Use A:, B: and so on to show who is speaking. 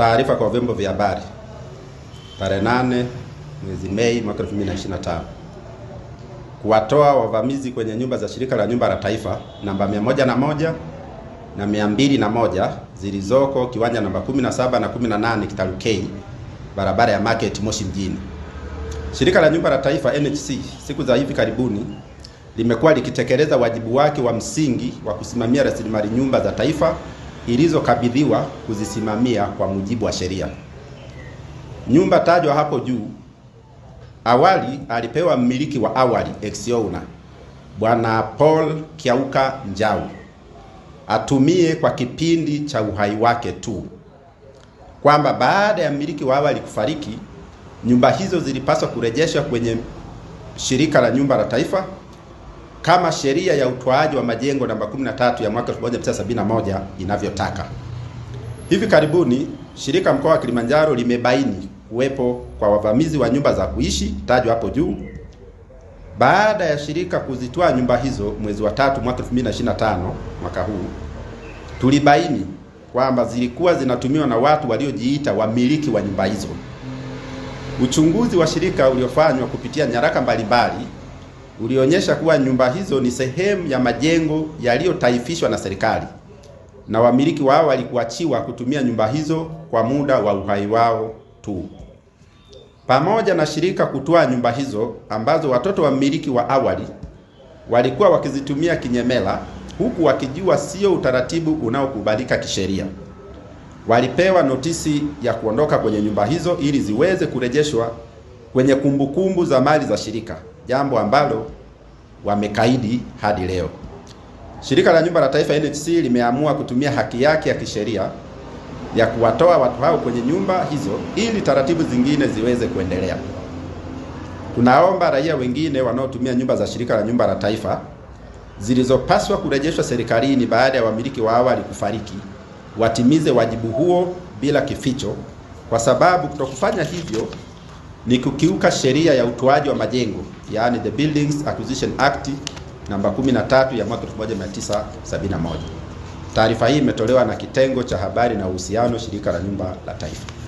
A: taarifa kwa vyombo vya habari tarehe 8 mwezi Mei mwaka 2025 kuwatoa wavamizi kwenye nyumba za shirika la nyumba la taifa namba 101 na 201 zilizoko kiwanja namba 17 na 18 Kitalu K barabara ya Market Moshi mjini. Shirika la nyumba la taifa NHC siku za hivi karibuni limekuwa likitekeleza wajibu wake wa msingi wa kusimamia rasilimali nyumba za taifa ilizokabidhiwa kuzisimamia kwa mujibu wa sheria. Nyumba tajwa hapo juu awali alipewa mmiliki wa awali ex owner Bwana Paul Kiauka Njau atumie kwa kipindi cha uhai wake tu, kwamba baada ya mmiliki wa awali kufariki, nyumba hizo zilipaswa kurejeshwa kwenye shirika la nyumba la taifa kama sheria ya utoaji wa majengo namba 13 ya mwaka 1971 inavyotaka. Hivi karibuni shirika mkoa wa Kilimanjaro limebaini kuwepo kwa wavamizi wa nyumba za kuishi tajwa hapo juu baada ya shirika kuzitoa nyumba hizo mwezi wa tatu mwaka 2025 mwaka huu, tulibaini kwamba zilikuwa zinatumiwa na watu waliojiita wamiliki wa nyumba hizo. Uchunguzi wa shirika uliofanywa kupitia nyaraka mbalimbali ulionyesha kuwa nyumba hizo ni sehemu ya majengo yaliyotaifishwa na serikali na wamiliki wao walikuachiwa kutumia nyumba hizo kwa muda wa uhai wao tu, pamoja na shirika kutoa nyumba hizo ambazo watoto wamiliki wa awali walikuwa wakizitumia kinyemela, huku wakijua sio utaratibu unaokubalika kisheria. Walipewa notisi ya kuondoka kwenye nyumba hizo ili ziweze kurejeshwa kwenye kumbukumbu za mali za shirika jambo ambalo wamekaidi hadi leo. Shirika la Nyumba la Taifa NHC limeamua kutumia haki yake ya kisheria ya kuwatoa watu hao kwenye nyumba hizo ili taratibu zingine ziweze kuendelea. Tunaomba raia wengine wanaotumia nyumba za shirika la Nyumba la Taifa zilizopaswa kurejeshwa serikalini baada ya wamiliki wa awali kufariki watimize wajibu huo bila kificho, kwa sababu kutokufanya hivyo ni kukiuka sheria ya utoaji wa majengo yaani the Buildings Acquisition Act namba 13 ya mwaka 1971. Taarifa hii imetolewa na kitengo cha habari na uhusiano, shirika la nyumba la taifa.